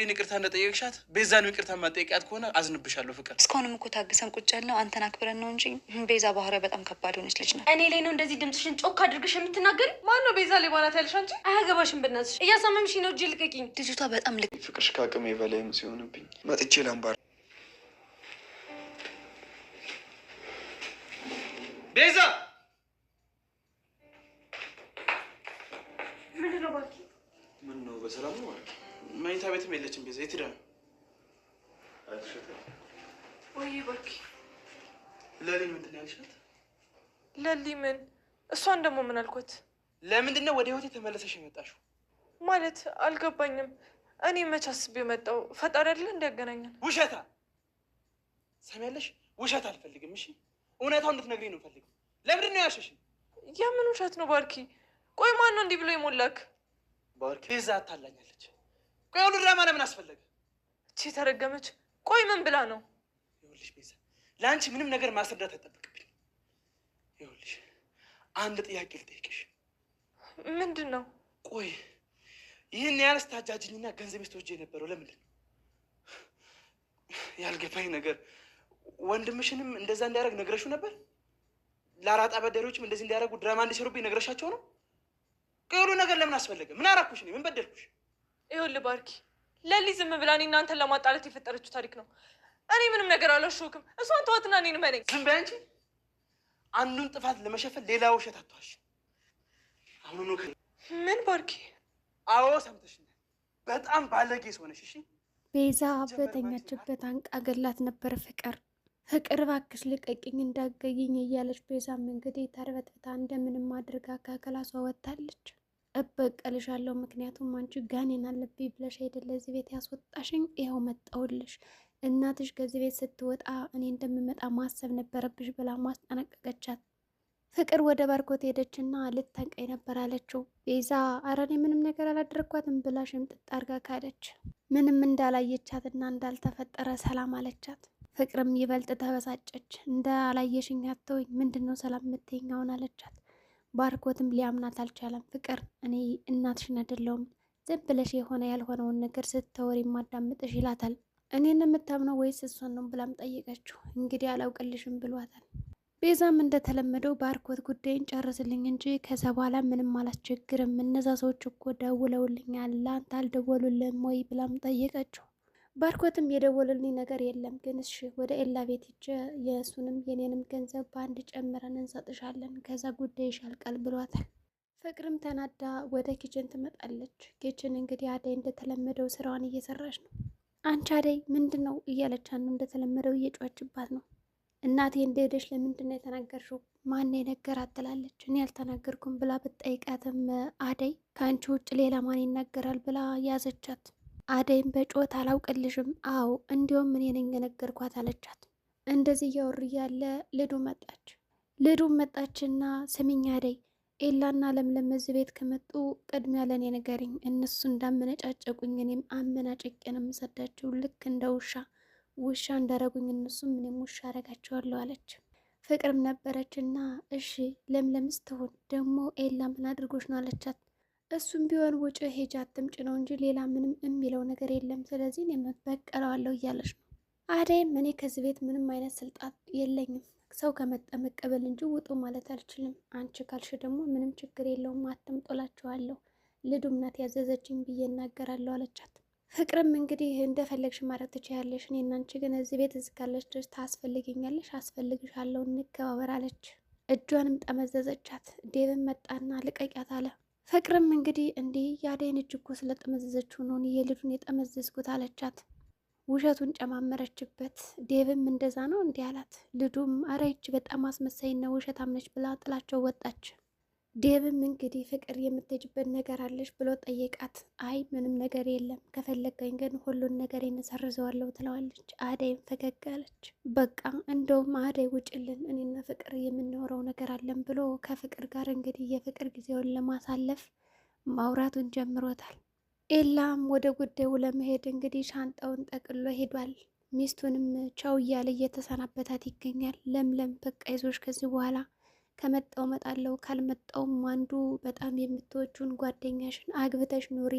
ይህን ይቅርታ እንደጠየቅሻት ቤዛን ይቅርታ ማጠየቂያት ከሆነ አዝንብሻለሁ። ፍቅር እስካሁንም እኮ ታግሰን ቁጭ ያልነው አንተን አክብረን ነው እንጂ ቤዛ ባህሪያ በጣም ከባድ ሆነች ልጅ ነው። እኔ ላይ ነው እንደዚህ ድምፅሽን ጮክ አድርግሽ የምትናገሪ? ነው ቤዛ ላይ ባናት ያልሻ እንጂ አያገባሽም። ብናትሽ እያሳመምሽ ነው። እጅ ልቀቂኝ። ልጅቷ በጣም ልቅ ፍቅርሽ ከአቅሜ በላይም ሲሆንብኝ መጥቼ ላምባር ቤዛ ምንድነው? ባኪ ነው በሰላም ነው መኝታ ቤትም የለችም። ቤዛ የት ሄዳ ነው? ወይ እባክህ ለሊ ምንድን ነው ያልሻት? ለሊ ምን? እሷን ደግሞ ምን አልኳት? ለምንድን ነው ወደ ህይወት የተመለሰሽ የመጣሽው? ማለት አልገባኝም። እኔ መች አስቤ ፈጣሪ አይደለ እንዲያገናኘን። ውሸታ ሰሚያለሽ? ውሸት አልፈልግም። እሺ እውነታው እንድትነግሪኝ ነው ፈልግ። ለምንድን ነው ያሸሽ? የምን ውሸት ነው ባርኪ? ቆይ ማን ነው እንዲህ ብሎ ይሞላክ? ባርኪ ቤዛ አታላኛለች። ቆይ አሁን ድራማ ለምን አስፈለገ? እቺ ተረገመች። ቆይ ምን ብላ ነው? ይኸውልሽ ቤዛ፣ ለአንቺ ምንም ነገር ማስረዳት አይጠበቅብኝ። ይኸውልሽ አንድ ጥያቄ ልጠይቅሽ። ምንድን ነው? ቆይ ይህን ያህል ስታጃጅኝና ገንዘብ ስትወስጂ የነበረው ለምንድን ነው? ያልገባኝ ነገር ወንድምሽንም እንደዛ እንዲያደርግ ነግረሽው ነበር? ለአራጣ በደሎችም እንደዚህ እንዲያደርጉ ድራማ እንዲሰሩብኝ ነግረሻቸው ነው? ከሁሉ ነገር ለምን አስፈለገ? ምን አራኩሽ? ምን በደልኩሽ? ይኸውልህ ባርኪ፣ ለሊት ዝም ብላ እኔ እናንተን ለማጣለት የፈጠረችው ታሪክ ነው። እኔ ምንም ነገር አላሸውክም። እሷን ተዋትና እኔን መነኝ። ዝም በይ አንቺ። አንዱን ጥፋት ለመሸፈን ሌላ ውሸት አትዋሽ። አሁኑኑ ምን ባርኪ? አዎ ሰምተሽኛል። በጣም ባለጌ ሆነሽ። እሺ ቤዛ በተኛችበት አንቃ ገላት ነበር ፍቅር ፍቅር እባክሽ ልቀቅኝ እንዳገኝኝ እያለች ቤዛም እንግዲህ ተርበትብታ እንደምንም አድርጋ ከክላሷ ወጥታለች። እበቀልሻለሁ። ምክንያቱም አንቺ ጋኔን አለብኝ ብለሽ አይደለ እዚህ ቤት ያስወጣሽኝ? ይኸው መጣውልሽ። እናትሽ ከዚህ ቤት ስትወጣ እኔ እንደምመጣ ማሰብ ነበረብሽ ብላ ማስጠነቀቀቻት። ፍቅር ወደ ባርኮት ሄደችና ልታንቀኝ ነበር አለችው። ቤዛ ኧረ እኔ ምንም ነገር አላደረግኳትም ብላ ሽምጥጥ አርጋ ካደች። ምንም እንዳላየቻትና እንዳልተፈጠረ ሰላም አለቻት። ፍቅርም ይበልጥ ተበሳጨች። እንዳላየሽኝ አትወኝ ምንድን ነው ሰላም የምትይኝ አሁን አለቻት። ባርኮትም ሊያምናት አልቻለም። ፍቅር እኔ እናትሽን አይደለሁም ዝም ብለሽ የሆነ ያልሆነውን ነገር ስትተወሪ ማዳምጥሽ ይላታል። እኔን የምታምነው ወይስ እሷን ነው ብላም ጠየቀችው። እንግዲህ አላውቅልሽም ብሏታል። ቤዛም እንደተለመደው ባርኮት ጉዳይን ጨርስልኝ እንጂ ከዛ በኋላ ምንም አላስቸግርም፣ እነዛ ሰዎች እኮ ደውለውልኛል፣ ለአንተ አልደወሉልም ወይ ብላም ጠየቀችው። ባርኮትም የደወለልኝ ነገር የለም ግን እሺ ወደ ኤላ ቤት ሂጅ የእሱንም የኔንም ገንዘብ በአንድ ጨምረን እንሰጥሻለን ከዛ ጉዳይ ይሻልቃል ብሏታል። ፍቅርም ተናዳ ወደ ኪችን ትመጣለች። ኪችን እንግዲህ አደይ እንደተለመደው ስራዋን እየሰራች ነው። አንቺ አደይ ምንድን ነው እያለች ነው እንደተለመደው እየጮችባት ነው። እናቴ እንደሄደች ለምንድን ነው የተናገርሽው? ማን የነገራት ትላለች። እኔ ያልተናገርኩም ብላ ብትጠይቃትም አደይ ከአንቺ ውጭ ሌላ ማን ይናገራል ብላ ያዘቻት። አደይም በጮት አላውቅልሽም፣ አዎ እንዲሁም እኔ ነኝ የነገርኳት አለቻት። እንደዚህ እያወሩ እያለ ልዱ መጣች። ልዱ መጣችና ስሚኝ አደይ፣ ኤላና ለምለም እዚህ ቤት ከመጡ ቅድሚያ ለእኔ ንገሪኝ። እነሱ እንዳመነጫጨቁኝ እኔም አመናጭቄ ነው የምሰዳቸው፣ ልክ እንደ ውሻ ውሻ እንዳረጉኝ እነሱም እኔም ውሻ አረጋቸዋለሁ አለች። ፍቅርም ነበረችና እሺ ለምለምስ ትሁን ደግሞ ኤላ ምን አድርጎች ነው አለቻት። እሱም ቢሆን ውጭ ሄጅ አትምጭ ነው እንጂ ሌላ ምንም የሚለው ነገር የለም። ስለዚህ እኔ እበቀለዋለሁ እያለች ነው። አደይም እኔ ከዚህ ቤት ምንም አይነት ስልጣን የለኝም፣ ሰው ከመጣ መቀበል እንጂ ውጡ ማለት አልችልም። አንቺ ካልሽ ደግሞ ምንም ችግር የለውም፣ አትምጦላችኋለሁ። ልዱም ናት ያዘዘችኝ ብዬ እናገራለሁ አለቻት። ፍቅርም እንግዲህ እንደፈለግሽ ማድረግ ትችያለሽ፣ እኔ እና አንቺ ግን እዚህ ቤት ካለች ድረስ ታስፈልግኛለሽ፣ አስፈልግሻለሁ፣ እንከባበር አለች። እጇንም ጠመዘዘቻት። ዴብም መጣና ልቀቂያት አለ። ፍቅርም እንግዲህ እንዲህ የአደይን እጅ እኮ ስለጠመዘዘችው ነው የልጁን የጠመዘዝኩት አለቻት። ውሸቱን ጨማመረችበት። ዴቭም እንደዛ ነው እንዲህ አላት። ልዱም አረ ይች በጣም አስመሳይና ውሸታም ነች ብላ ጥላቸው ወጣች። ዴብም እንግዲህ ፍቅር የምትሄጅበት ነገር አለሽ ብሎ ጠየቃት። አይ ምንም ነገር የለም ከፈለገኝ ግን ሁሉን ነገር እንሰርዘዋለሁ ትለዋለች። አደይም ፈገግ አለች። በቃ እንደውም አደይ ውጭልን፣ እኔና ፍቅር የምንኖረው ነገር አለን ብሎ ከፍቅር ጋር እንግዲህ የፍቅር ጊዜውን ለማሳለፍ ማውራቱን ጀምሮታል። ኤላም ወደ ጉዳዩ ለመሄድ እንግዲህ ሻንጣውን ጠቅሎ ሄዷል። ሚስቱንም ቻው እያለ እየተሰናበታት ይገኛል። ለምለም በቃ ይዞሽ ከዚህ በኋላ ከመጣው መጣለው ካልመጣውም አንዱ በጣም የምትወጁን ጓደኛሽን አግብተሽ ኑሪ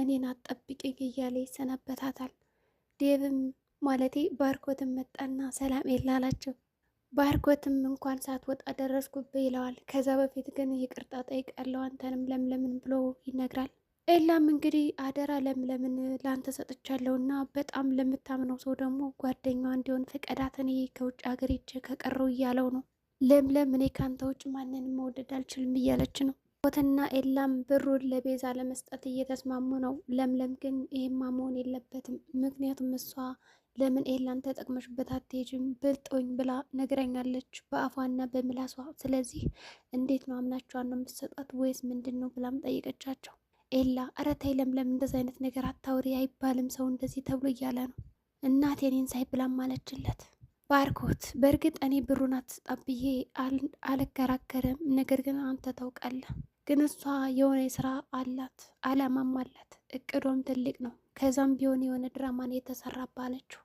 እኔን አትጠብቂኝ እያለ ይሰናበታታል። ዴቭም ማለቴ ባርኮትም መጣና ሰላም የላላቸው ባርኮትም እንኳን ሳትወጣ ደረስኩብህ ይለዋል። ከዛ በፊት ግን ይቅርታ ጠይቃለሁ አንተንም ለምለምን ብሎ ይነግራል። ኤላም እንግዲህ አደራ ለምለምን ለአንተ ሰጥቻለሁ እና በጣም ለምታምነው ሰው ደግሞ ጓደኛዋ እንዲሆን ፍቀዳትን ከውጭ ሀገር ይቼ ከቀረው እያለው ነው ለምለም እኔ ካንተ ውጭ ማንንም መውደድ አልችልም እያለች ነው። ቦትና ኤላም ብሩን ለቤዛ ለመስጠት እየተስማሙ ነው። ለምለም ግን ይህ መሆን የለበትም ምክንያቱም እሷ ለምን ኤላን ተጠቅመሽበት አትሄጂም ብልጦኝ ብላ ነግረኛለች። በአፏና በምላሷ። ስለዚህ እንዴት ነው አምናቸዋን ነው የምትሰጧት ወይስ ምንድን ነው ብላም ጠይቀቻቸው። ኤላ ኧረ ተይ ለምለም እንደዚ አይነት ነገር አታውሪ አይባልም ሰው እንደዚህ ተብሎ እያለ ነው እናቴ እኔን ሳይ ብላም አለችለት። ባርኮት በእርግጥ እኔ ብሩን አትስጣት አልከራከርም። ነገር ግን አንተ ታውቃለህ። ግን እሷ የሆነ ስራ አላት፣ አላማም አላት፣ እቅዶም ትልቅ ነው። ከዛም ቢሆን የሆነ ድራማን የተሰራባ አለችው።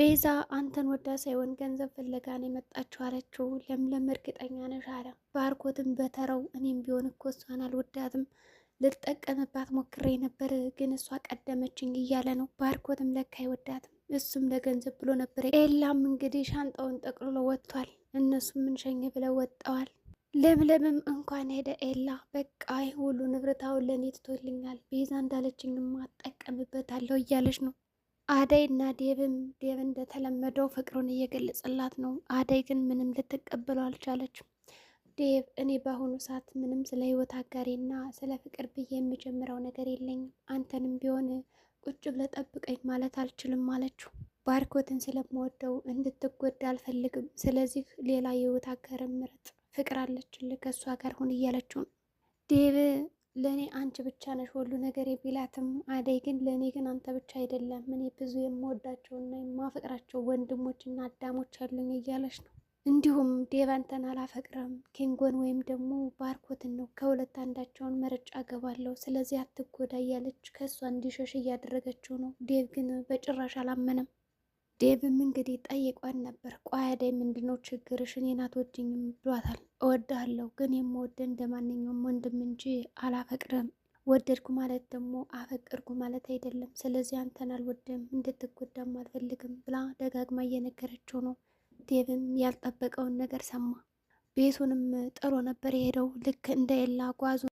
ቤዛ አንተን ወዳ ሳይሆን ገንዘብ ፍለጋን የመጣችው አለችው። ለምለም እርግጠኛ ነሽ አለ ባርኮትም በተረው እኔም ቢሆን እኮ እሷን አልወዳትም ልጠቀምባት ሞክሬ ነበር፣ ግን እሷ ቀደመችኝ እያለ ነው። ባርኮትም ለካ አይወዳትም እሱም ለገንዘብ ብሎ ነበር። ኤላም እንግዲህ ሻንጣውን ጠቅልሎ ወጥቷል። እነሱም ምንሸኝ ብለው ወጥተዋል። ለምለምም እንኳን ሄደ ኤላ በቃ ይህ ሁሉ ንብረት አሁን ለእኔ ትቶልኛል፣ ቤዛ እንዳለችኝማ እጠቀምበታለሁ እያለች ነው። አደይ እና ዴብም ዴብ እንደተለመደው ፍቅሩን እየገለጸላት ነው። አደይ ግን ምንም ልትቀበለው አልቻለችም። ዴብ እኔ በአሁኑ ሰዓት ምንም ስለ ህይወት እና ስለ ፍቅር ብዬ የምጀምረው ነገር የለኝም አንተንም ቢሆን ቁጭ ብለህ ጠብቀኝ ማለት አልችልም አለችው። ባርኮትን ስለምወደው እንድትጎዳ አልፈልግም። ስለዚህ ሌላ የህይወት አጋር ምረጥ፣ ፍቅር አለችልህ ከእሷ ጋር ሁን እያለችው ነው። ዴቭ ለእኔ አንቺ ብቻ ነሽ ሁሉ ነገር ቢላትም አደይ ግን ለእኔ ግን አንተ ብቻ አይደለም፣ እኔ ብዙ የምወዳቸውና የማፈቅራቸው ወንድሞችና አዳሞች አሉኝ እያለች ነው እንዲሁም ዴቭ አንተን አላፈቅረም ኬንጎን ወይም ደግሞ ባርኮትን ነው ከሁለት አንዳቸውን መረጫ አገባለሁ፣ ስለዚህ አትጎዳ እያለች ከእሷ እንዲሸሽ እያደረገችው ነው። ዴቭ ግን በጭራሽ አላመነም። ዴቭም እንግዲህ ጠይቋን ነበር። ቋያዳይ ምንድነው ችግርሽ? እኔን አትወጂኝም ብሏታል። እወድሃለሁ ግን የምወደ እንደ ማንኛውም ወንድም እንጂ አላፈቅርም። ወደድኩ ማለት ደግሞ አፈቅርኩ ማለት አይደለም። ስለዚህ አንተን አልወድም፣ እንድትጎዳም አልፈልግም ብላ ደጋግማ እየነገረችው ነው። ዴብም ያልጠበቀውን ነገር ሰማ። ቤቱንም ጥሎ ነበር የሄደው። ልክ እንደ የላ ጓዙ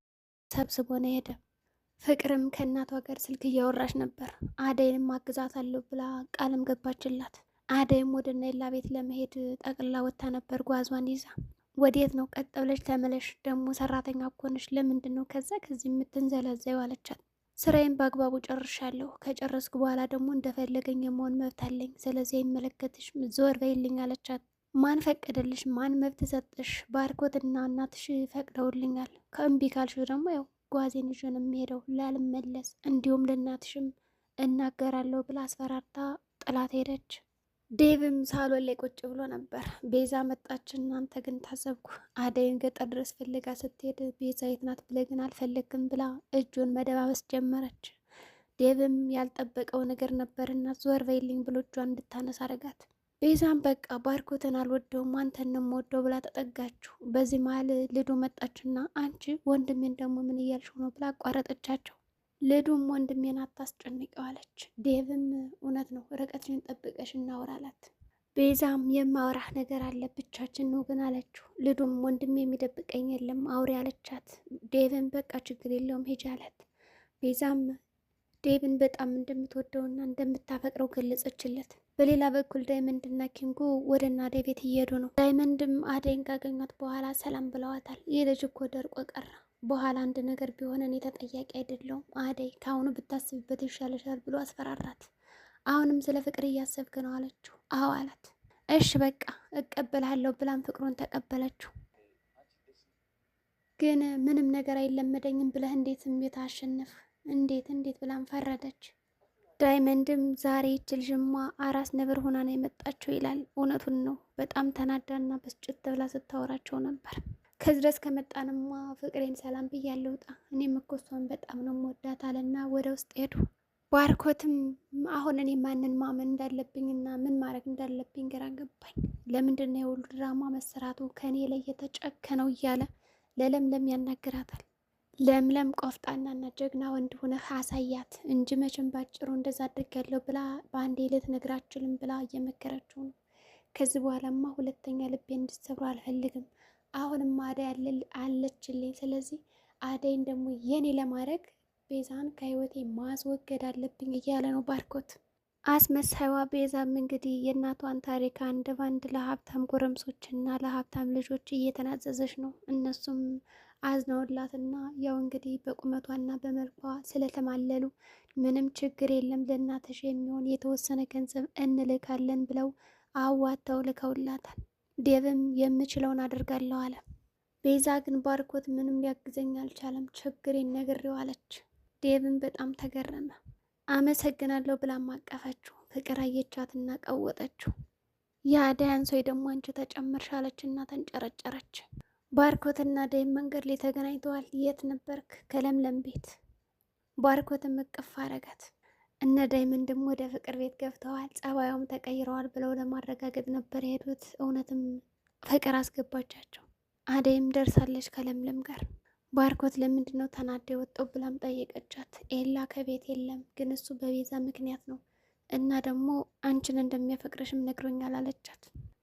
ሰብስቦ ነው ሄደ። ፍቅርም ከእናቷ ጋር ስልክ እያወራች ነበር። አደይንም አግዛታለሁ ብላ ቃልም ገባችላት። አደይም ወደ ነላ ቤት ለመሄድ ጠቅላ ወጥታ ነበር ጓዟን ይዛ። ወዴት ነው? ቀጥ ብለሽ ተመለሽ። ደግሞ ሰራተኛ እኮ ነሽ። ለምንድን ነው ከዛ ከዚህ የምትንዘለዘው? አለቻት ስራዬን በአግባቡ ጨርሻለሁ። ከጨረስኩ በኋላ ደግሞ እንደፈለገኝ የመሆን መብት አለኝ። ስለዚህ አይመለከትሽ፣ ዞር በይልኝ አለቻት። ማን ፈቀደልሽ? ማን መብት ሰጠሽ? ባርኮትና እናትሽ ፈቅደውልኛል። ከእምቢ ካልሽ ደግሞ ያው ጓዜን ይዤ ነው የምሄደው፣ ላልመለስ እንዲሁም ለእናትሽም እናገራለሁ ብላ አስፈራርታ ጥላት ሄደች። ዴቭም ሳሎን ላይ ቁጭ ብሎ ነበር። ቤዛ መጣች። እናንተ ግን ታዘብኩ። አደይን ገጠር ድረስ ፈልጋ ስትሄድ ቤዛ የት ናት ብለህ ግን አልፈለግም ብላ እጁን መደባበስ ጀመረች። ዴቭም ያልጠበቀው ነገር ነበርና ዞር በይልኝ ብሎ እጇን እንድታነሳ አረጋት። ቤዛም በቃ ባርኮትን አልወደውም አንተን ወደው ብላ ተጠጋችሁ። በዚህ መሀል ልዱ መጣችና አንቺ ወንድሜን ደግሞ ምን እያልሽ ነው ብላ አቋረጠቻቸው። ልዱም ወንድሜን አታስጨንቀው አለች። ዴቭም እውነት ነው ርቀትሽን ጠብቀሽ እናውራ አላት። ቤዛም የማውራህ ነገር አለ ብቻችን ነው ግን አለችው። ልዱም ወንድሜ የሚደብቀኝ የለም አውሪ አለቻት። ዴቭን በቃ ችግር የለውም ሄጅ አላት። ቤዛም ዴቭን በጣም እንደምትወደውና እንደምታፈቅረው ገለጸችለት። በሌላ በኩል ዳይመንድና ኪንጎ ወደና ዴቤት እየሄዱ ነው። ዳይመንድም አደይን ካገኟት በኋላ ሰላም ብለዋታል። ይህ ልጅ እኮ ደርቆ ቀራ በኋላ አንድ ነገር ቢሆን እኔ ተጠያቂ አይደለሁም፣ አደይ ከአሁኑ ብታስብበት ይሻለሻል ብሎ አስፈራራት። አሁንም ስለ ፍቅር እያሰብክ ነው አለችው። አዎ አላት። እሽ በቃ እቀበልሃለሁ ብላም ፍቅሩን ተቀበለችው። ግን ምንም ነገር አይለመደኝም ብለህ እንዴት ስሜት አሸንፍ እንዴት እንዴት ብላም ፈረደች። ዳይመንድም ዛሬ ይችል ዥማ አራስ ነብር ሆና ነው የመጣችው ይላል። እውነቱን ነው። በጣም ተናዳና በስጭት ብላ ስታወራቸው ነበር። ከዚህ ድረስ ከመጣንማ ፍቅሬን ሰላም ብያለሁ ውጣ፣ እኔም እኮ እሷን በጣም ነው የምወዳት አለና ወደ ውስጥ ሄዱ። ባርኮትም አሁን እኔ ማንን ማመን እንዳለብኝና ምን ማድረግ እንዳለብኝ ግራ ገባኝ። ለምንድን ነው የሁሉ ድራማ መሰራቱ ከእኔ ላይ የተጨከነው እያለ ለለምለም ያናግራታል። ለምለም ቆፍጣናና ጀግና ወንድ ሆነህ አሳያት እንጂ መቼም ባጭሩ እንደዛ አድርጊያለሁ ብላ በአንዴ ሌት ነግራችልም ብላ እየመከረችው ነው። ከዚህ በኋላማ ሁለተኛ ልቤ እንድትሰብሩ አልፈልግም አሁንም አደይ አለችልኝ። ስለዚህ አደይን ደግሞ የኔ ለማድረግ ቤዛን ከህይወቴ ማስወገድ አለብኝ እያለ ነው ባርኮት። አስመሳይዋ ቤዛም እንግዲህ የእናቷን ታሪክ አንድ ባንድ ለሀብታም ጎረምሶች እና ለሀብታም ልጆች እየተናዘዘች ነው። እነሱም አዝነውላትና ያው እንግዲህ በቁመቷና በመልኳ ስለተማለሉ ምንም ችግር የለም ለእናትሽ የሚሆን የተወሰነ ገንዘብ እንልካለን ብለው አዋተው ልከውላታል። ዴቭም የምችለውን አድርጋለሁ አለ። ቤዛ ግን ባርኮት ምንም ሊያግዘኝ አልቻለም፣ ችግሬን ነግሬው አለች። ዴቭም በጣም ተገረመ። አመሰግናለሁ ብላ ማቀፈችው። ፍቅር አየቻትና ቀወጠችው። የአዳያን ሰው ደግሞ አንቺ ተጨምርሻለች እና ተንጨረጨረች። ባርኮትና ዴቭ መንገድ ላይ ተገናኝተዋል። የት ነበርክ? ከለምለም ቤት። ባርኮትም እቅፍ አረጋት። እነ ዳይመንድም ወደ ፍቅር ቤት ገብተዋል። ጸባዩም ተቀይረዋል ብለው ለማረጋገጥ ነበር የሄዱት። እውነትም ፍቅር አስገባቻቸው። አደይም ደርሳለች ከለምለም ጋር። ባርኮት ለምንድን ነው ተናደ የወጣው ብላም ጠየቀቻት። ኤላ ከቤት የለም፣ ግን እሱ በቤዛ ምክንያት ነው እና ደግሞ አንቺን እንደሚያፈቅረሽም ነግሮኛል አለቻት።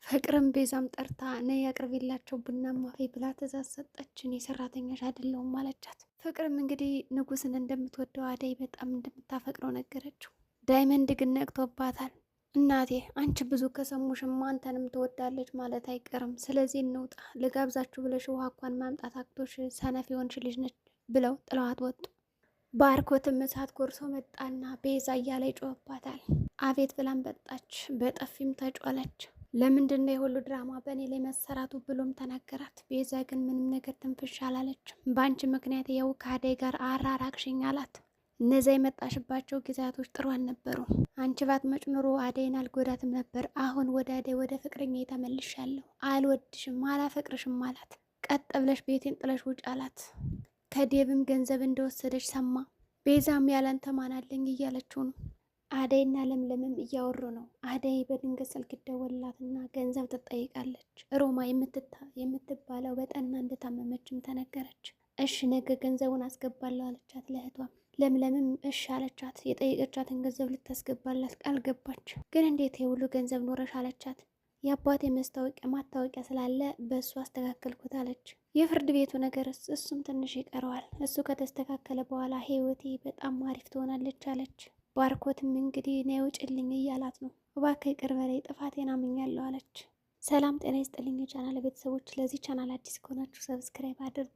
ፍቅርም ቤዛም ጠርታ ነይ አቅርቢላቸው ቡናማ ፌ ብላ ትእዛዝ ሰጠችን። የሰራተኛሽ አይደለሁም አለቻት። ፍቅርም እንግዲህ ንጉስን እንደምትወደው አደይ በጣም እንደምታፈቅረው ነገረችው። ዳይመንድ ግን ነቅቶባታል። እናቴ አንቺ ብዙ ከሰሙሽማ አንተንም ትወዳለች ማለት አይቀርም። ስለዚህ እንውጣ ልጋብዛችሁ ብለሽ ውሃ እንኳን ማምጣት አክቶሽ ሰነፍ የሆንሽ ልጅ ነች ብለው ጥለዋት ወጡ። ባርኮትም እሳት ጎርሶ መጣና ቤዛ እያለ ይጮህባታል። አቤት ብላን በጣች፣ በጠፊም ተጮለች። ለምንድን ነው የሁሉ ድራማ በእኔ ላይ መሰራቱ ብሎም ተናገራት። ቤዛ ግን ምንም ነገር ትንፍሽ አላለችም። በአንቺ ምክንያት ያው ከአደይ ጋር አራራቅሽኝ አላት። እነዚያ የመጣሽባቸው ጊዜያቶች ጥሩ አልነበሩ። አንቺ ባት ኑሮ አደይን አልጎዳትም ነበር። አሁን ወደ አደይ ወደ ፍቅረኛ ተመልሻለሁ። አልወድሽም፣ አላፈቅርሽም አላት። ቀጥ ብለሽ ቤቴን ጥለሽ ውጭ አላት። ከዴብም ገንዘብ እንደወሰደች ሰማ። ቤዛም ያላንተ ማን እያለችው ነው አደይና ለምለምም እያወሩ ነው። አደይ በድንገት ስልክ ደወላትና ገንዘብ ትጠይቃለች። ሮማ የምትባለው በጠና እንደታመመችም ተነገረች። እሽ ነገ ገንዘቡን አስገባለሁ አለቻት ለእህቷ። ለምለምም እሽ አለቻት። የጠየቀቻትን ገንዘብ ልታስገባላት ቃል ገባች። ግን እንዴት የሁሉ ገንዘብ ኖረሽ አለቻት። የአባቴ መስታወቂያ ማታወቂያ ስላለ በእሱ አስተካከልኩት አለች። የፍርድ ቤቱ ነገርስ እሱም ትንሽ ይቀረዋል። እሱ ከተስተካከለ በኋላ ህይወቴ በጣም አሪፍ ትሆናለች አለች። ባርኮትም እንግዲህ ነይ ውጭልኝ እያላት ነው። እባክህ ይቅር በለኝ ጥፋቴን አምኛለሁ አለች። ሰላም ጤና ይስጥልኝ ቻናል ቤተሰቦች፣ ለዚህ ቻናል አዲስ ከሆናችሁ ሰብስክራይብ አድርጉ።